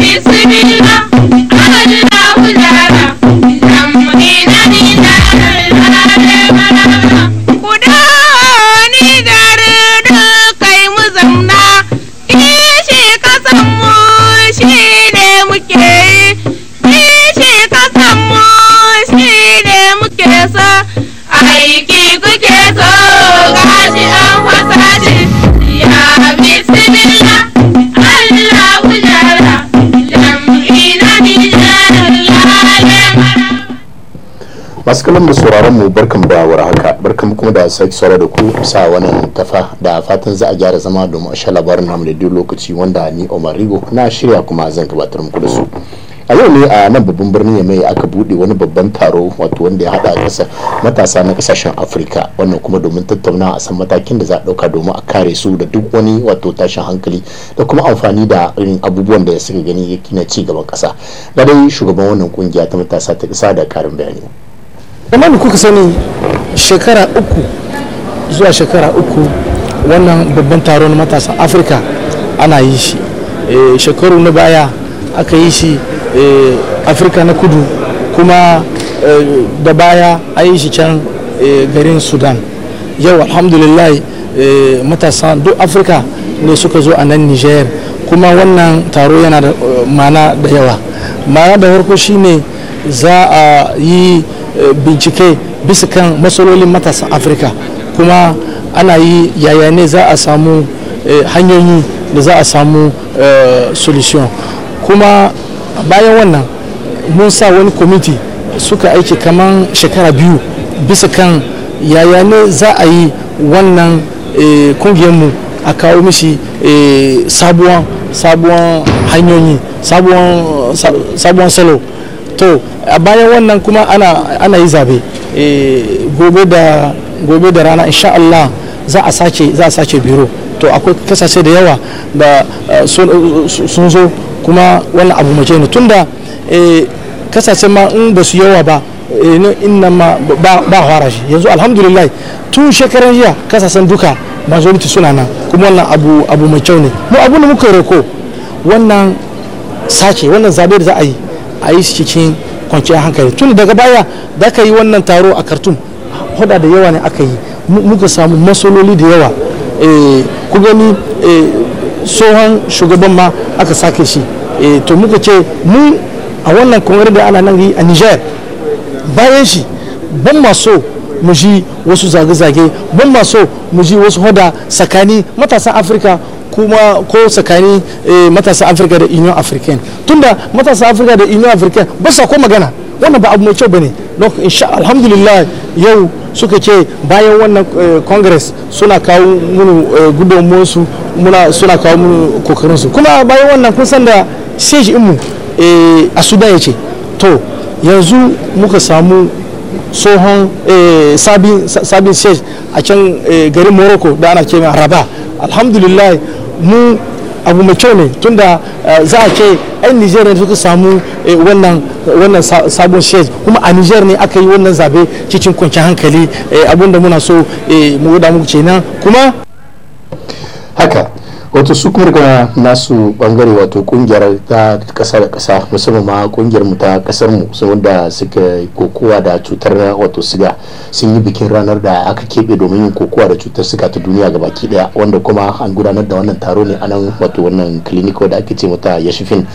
Israel. kallon da sauraron mu barkan da haka barkan kuma da sake saura da ku sa wannan tafa da fatan za a gyara zama domin a sha labarin namu da duk lokaci wanda ni Omar Rigo na shirya kuma zan gabatar muku da su. a yau ne a nan babban birnin ya mai aka bude wani babban taro wato wanda ya hada kasa matasa na kasashen afirka wannan kuma domin tattauna a san matakin da za a dauka domin a kare su da duk wani wato tashin hankali da kuma amfani da irin abubuwan da suka gani yake na ci gaban kasa da dai shugaban wannan kungiya ta matasa ta kasa da karin bayani kamar da kuka sani shekara uku zuwa shekara uku wannan babban taron matasa afirka ana yi shi eh, shekaru na baya aka yi shi eh, afirka na kudu kuma eh, da baya a yi shi can garin sudan yau alhamdulillah matasa duk afirka ne suka zo a nan niger kuma wannan taro yana da mana da yawa mana da farko shine za a yi bincike bisa kan matsalolin matasa afirka kuma ana yi yaya ne za a samu eh, hanyoyi da za a samu eh, solution kuma bayan wannan mun sa wani kwamiti suka aiki kaman shekara biyu bisa kan yaya ne za a yi wannan eh, kungiyarmu a kawo mishi sabuwan hanyoyi sabuwan salo to a bayan wannan kuma ana yi zabe eh, gobe da rana insha Allah za a sace za a sace biro to akwai kasashe da yawa da eh, sun zo kuma wannan abu mace ne tunda eh, kasashe ma in ba su yawa ba inna ma ba fara shi yanzu alhamdulillah tun shekaran jiya kasashen duka majority suna nan kuma wannan abu abu mai kyau ne mu abu da muka roko wannan sace wannan zabe da za a yi a yi cikin kwanciyar hankali tun daga baya da aka yi wannan taro a kartun hoda da yawa ne aka yi muka samu masololi da yawa eh, ku gani eh, tsohon shugaban ma aka sake shi eh, to muka ce mu a wannan kongare da ana nan yi a niger bayan shi ban maso mu ji wasu zage-zage ban maso mu ji wasu hoda tsakani matasan afirka kuma ko tsakanin eh, matasa afirka da union african tunda matasa afirka da union african ba sa ko magana wannan ba abu mai kyau bane ne insha alhamdulillah yau suka ce bayan wannan eh, congress suna kawo munu eh, gudunmuwarsu suna kawo munu kokarinsu kuma bayan wannan kun san da sai mu a sudan ya ce to yanzu muka samu tsohon sabin siege a can garin morocco da ana kema raba alhamdulillah mu abu mai kyau ne tunda eh, za a ce 'yan nigeria suka samu eh, wannan sabon shez kuma a niger ne aka yi wannan zabe cikin kwanci hankali eh, abinda muna so mu da muku ce kuma haka wato su kuma daga nasu bangare wato kungiyar ta kasa da kasa musamman ma kungiyar mu ta kasar mu wanda suka kokowa da cutar wato siga sun yi bikin ranar da aka keɓe domin yin kokowa da cutar siga ta duniya ga baki daya wanda kuma an gudanar da wannan taro ne anan nan wato wannan clinic da ake ce mata yashifin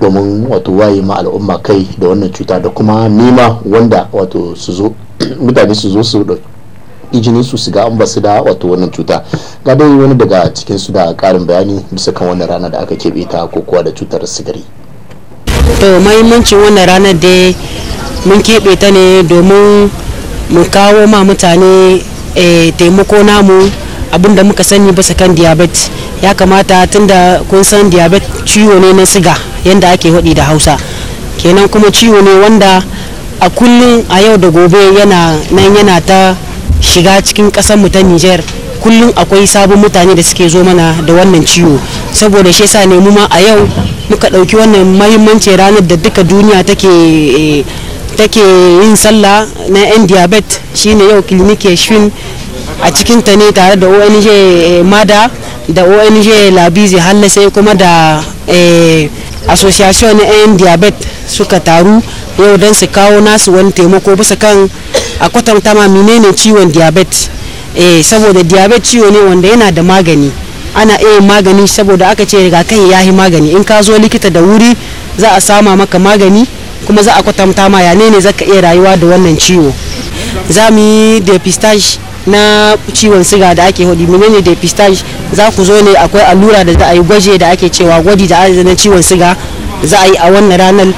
domin wato waye ma al'umma kai da wannan cuta da kuma nema wanda wato su zo mutane su zo su ijini su su ga an basu da wato wannan cuta ga dai wani daga cikin su da karin bayani bisa kan wannan rana da aka keɓe ta ko kuwa da cutar sigari to mahimmancin wannan rana da mun keɓe ta ne domin mu kawo ma mutane eh, taimako namu abin da muka sani basa kan diabetes ya kamata tunda kun san diabetes ciwo ne na siga yadda ake waɗi da hausa kenan kuma ciwo ne wanda a kullum a yau da gobe yana nan yana ta shiga cikin ƙasar mu ta Niger kullum akwai sabon mutane da suke zo mana da wannan ciwo saboda shi yasa ne mu ma a yau muka ɗauki wannan mahimmanci ranar da duka duniya take eh, take yin sallah na yan diabet shine yau clinic shin a cikin ta ne tare da ONG eh, Mada da ONG Labizi Halle sai kuma da eh, association na yan diabet suka taru yau don su kawo nasu wani taimako bisa kan a kwatanta ma menene ciwon diabetes eh saboda diabetes ciwo ne wanda yana da magani ana iya magani saboda aka ce rigakafi ya yi magani in ka zo likita da wuri za a sama maka magani kuma za a kwatanta ma ya ne zaka iya rayuwa da wannan ciwo za mu yi depistage na ciwon siga da ake hudu menene depistage za ku zo ne akwai allura da za a yi gwaje da ake cewa gwaji da na ciwon siga za a yi a wannan ranar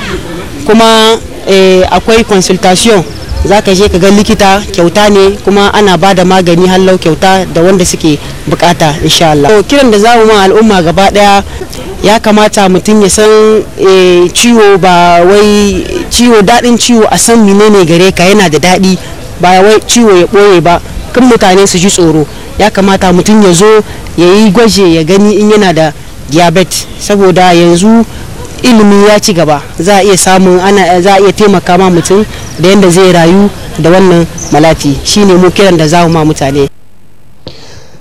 kuma eh, akwai consultation za ka je ka ga likita kyauta ne kuma ana ba da magani hallau kyauta da wanda suke bukata insha Allah. kiran da zamu ma al'umma gaba daya ya kamata mutum ya san eh, ciwo ba wai ciwo daɗin ciwo a san menene gare ka yana da daɗi ba wai ciwo ya ɓoye ba kan mutane su ji tsoro ya kamata mutum ya zo ya yi gwaje ya gani in yana da diabetes saboda yanzu ilimi ya ci gaba za a iya samun ana za a iya taimaka ma mutum da yadda zai rayu da wannan malafi shine mu kiran da za ma mutane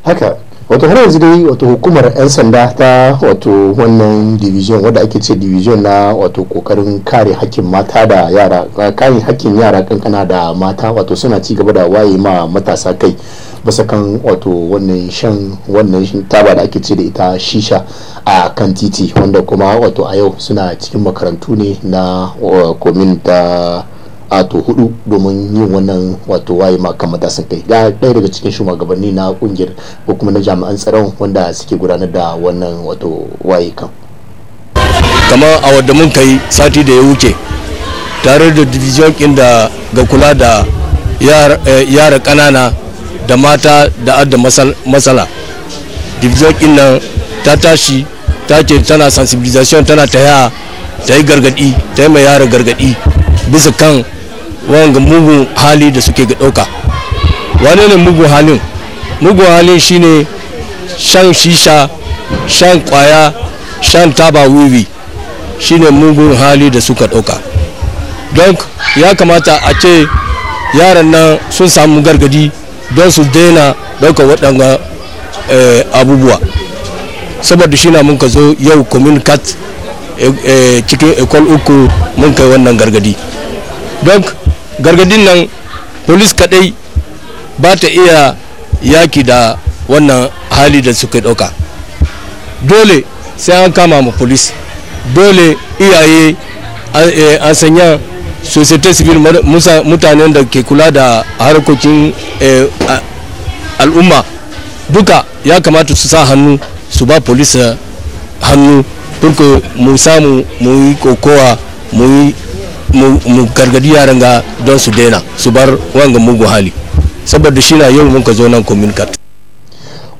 haka wato har yanzu dai wato hukumar 'yan sanda ta wato wannan division wadda ake ce division na wato kokarin kare hakkin mata da yara kare hakkin yara kankana da mata wato suna ci gaba da waye ma matasa kai bisa kan wato wannan shan wannan taba da ake ce da ita shisha a kan titi wanda kuma wato a yau suna cikin makarantu ne na komin ta ato hudu domin yin wannan wato waye ma kan matasan kai ga ɗaya daga cikin shugabanni na kungiyar ko kuma na jami'an tsaron wanda suke gudanar da wannan wato waye kan kamar a wadda mun kai sati da ya wuce tare da division da ga kula da yara eh, ƙanana da mata da adda matsala division nan ta tashi ta ce tana sensibilisation tana ta yaya ta yi gargadi ta yi mai yara gargadi bisa kan wanga mugun hali da suke ɗauka wane ne mugu halin mugun halin shine shan shisha shan kwaya shan taba wiwi shine mugun hali da suka ɗauka don ya kamata a ce yaran nan sun samu gargadi don su daina ɗaukar waɗanga eh, abubuwa saboda shi na mun ka zo yau communicat eh, eh, cikin ekol uku mun kai wannan gargadi don gargadin nan polis kadai ba ta iya yaki da wannan hali da suka ɗauka dole sai an kama ma polis dole iyaye an sanya societe civil mutanen da ke kula da harkokin eh, al'umma duka ya kamata su sa hannu su ba polisa hannu turku mu samu mu yi kokowa mu gargadi yaran ga don su daina su bar wanga mugu hali saboda shi na yau muka zo nan communicat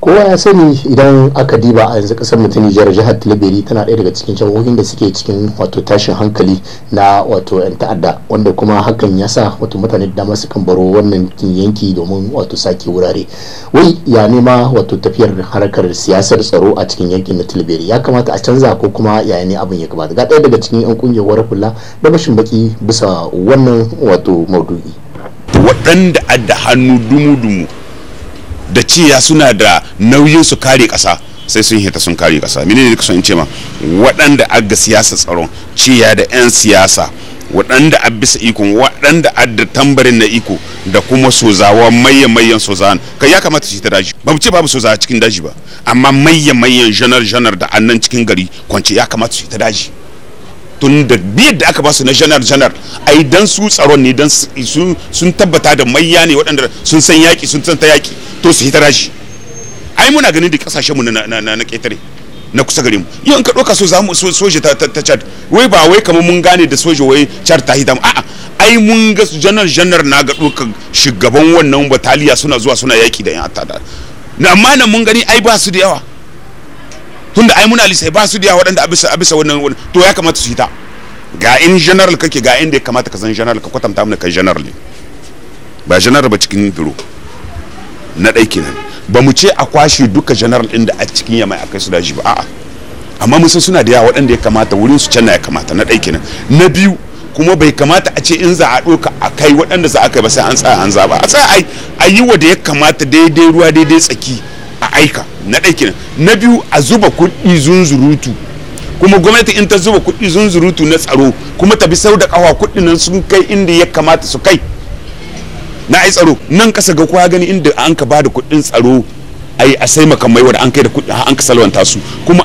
kowa ya sani idan aka diba a yanzu kasar mutum jihar jihar tilibiri tana ɗaya daga cikin jihohin da suke cikin wato tashin hankali na wato yan ta'adda wanda kuma hakan ya sa wato mutane da dama sukan baro wannan yanki domin wato sake wurare wai ya nema wato tafiyar harkar siyasar tsaro a cikin yankin na tilibiri ya kamata a canza ko kuma ya ne abin ya kamata ga ɗaya daga cikin yan kungiyar wara kula da bashin baki bisa wannan wato maudu'i waɗanda adda hannu dumu-dumu da ciya suna da nauyin su kare kasa sai sun hita sun kare kasa mene ne son in ce ma waɗanda aga siyasa tsaron ciya da 'yan siyasa waɗanda a bisa ikon waɗanda a da tambarin na iko da kuma sozawa maye mayan soza kai ya kamata shi ta daji ba mu ce babu sozawa cikin daji ba amma maye mayan janar janar da annan cikin gari kwanci ya kamata shi ta daji tun da biyar da aka basu na janar janar yi dan su tsaron ne dan sun tabbata da maiya ne waɗanda sun san yaƙi sun san ta yaƙi to su hitara shi ai muna ganin da ƙasashen na na na ƙetare na kusa gare mu yau in ka ɗauka so za mu soja ta chad wai ba wai kamar mun gane da soja wai chad ta hita a'a ai mun ga janar janar na ga ɗauka shugaban wannan bataliya suna zuwa suna yaƙi da yan atada amma nan mun gani ai ba su da yawa tunda ai muna lisai ba su da waɗanda a bisa wannan to ya kamata su yi ta ga in general kake ga inda ya kamata ka san general ka kwatanta mana kai general ne ba general ba cikin biro na ɗai kenan ba mu ce a kwashe duka general ɗin da a cikin a akai su daji ba a'a amma mun san suna da yawa waɗanda ya kamata wurin su canna ya kamata na ɗai kenan na biyu kuma bai kamata a ce in za a ɗoka a kai waɗanda za a kai ba sai an tsaya an zaba a tsaya a yi wa da ya kamata daidai ruwa daidai tsaki a aika na ɗai kenan na biyu a zuba kuɗi zunzurutu kuma gwamnati in ta zuba kuɗi zunzurutu na tsaro kuma ta bi sau da ƙawa kuɗi nan sun kai inda ya kamata su kai na ai tsaro nan ƙasa ga kowa gani inda an ka ba da kuɗin tsaro ai a sai makamai wanda an kai da kuɗi an ka salwanta su kuma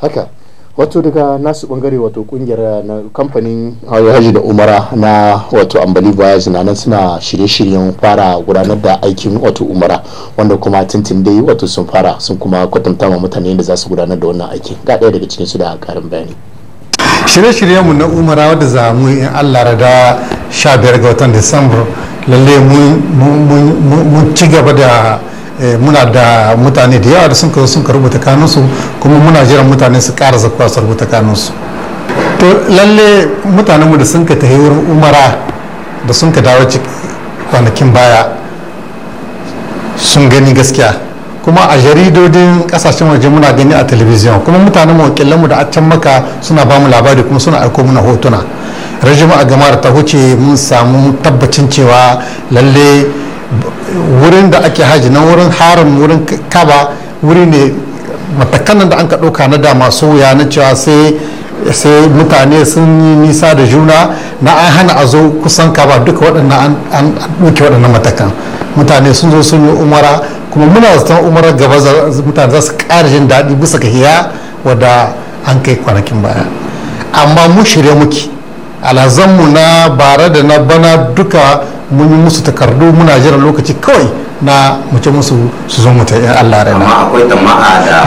haka wato daga nasu bangare wato kungiyar uh, na kamfanin hajji da umara na wato ambali baya na suna shirye-shiryen fara gudanar da aikin wato umara wanda kuma tintin dai wato sun fara sun kuma kwatanta ma mutane da za su gudanar da wannan aikin ga ɗaya daga cikin su da karin bayani shirye-shiryenmu na umara wadda za mu in allah rada 15 ga watan disamba lalle mun ci gaba da Eh, muna da mutane da yawa da sun kawo sun rubuta kanunsu kuma muna jiran mutane su kara zakuwa su rubuta kanunsu to lalle mutanenmu da sun ka tafi umara da sun ka dawo kwanakin baya sun gani gaskiya kuma a jaridodin kasashen waje muna gani a talabijin kuma mutanen mu da a can maka suna ba mu labari kuma suna aiko muna hotuna rajima a gamar ta huce mun samu tabbacin cewa lalle wurin da ake haji na wurin harin wurin kaba wuri ne matakanan da an ka ɗauka na da masu wuya na cewa sai sai mutane sun yi nisa da juna na an hana a zo kusan kaba duka waɗannan an ɗauke waɗannan matakan mutane sun zo sun yi umara kuma muna zaton umara gaba mutane za su ƙara jin daɗi bisa ga hiya wadda an kai kwanakin baya amma mu shirya muke alazanmu na bara da na bana duka mun yi musu takardu muna jiran lokaci kawai na muke musu su zo mutu in Allah raina amma akwai da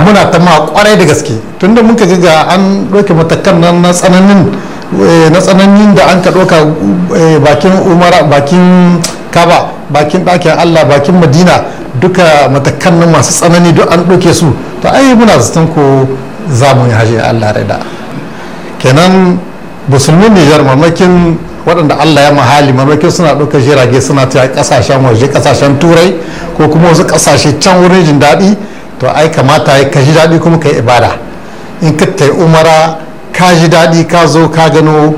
muna tama'a kwarai da gaske tunda mun ga ga an doke matakan nan na tsananin eh, na tsananin da an ka doka eh, bakin umara bakin kaba bakin ɗakin Allah bakin madina duka matakan nan masu tsanani duk an doke su to ai muna zaton ko za mu yi hajji Allah da kenan musulmin nijar mamakin waɗanda allah ya mahali mamakin suna ɗaukar jirage suna ta ƙasashen waje ƙasashen turai ko kuma wasu kasashe can wurin jin daɗi to ai kamata ya ka ji daɗi kuma ka yi ibada in ka ta umara ka ji daɗi ka zo ka gano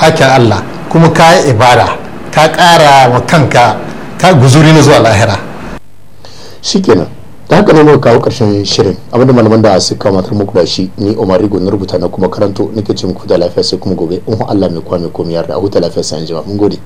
ake allah kuma ka yi ibada ka ƙara ma kanka ka guzuri na zuwa lahira shikenan da haka ne muka kawo karshen shirin abinda malaman da kawo matar muku da shi ni Umar Rigo na rubuta na kuma karanto nake ce muku da lafiya sai kuma gobe in Allah mai kwame komiyar da huta lafiya sai an jima mun gode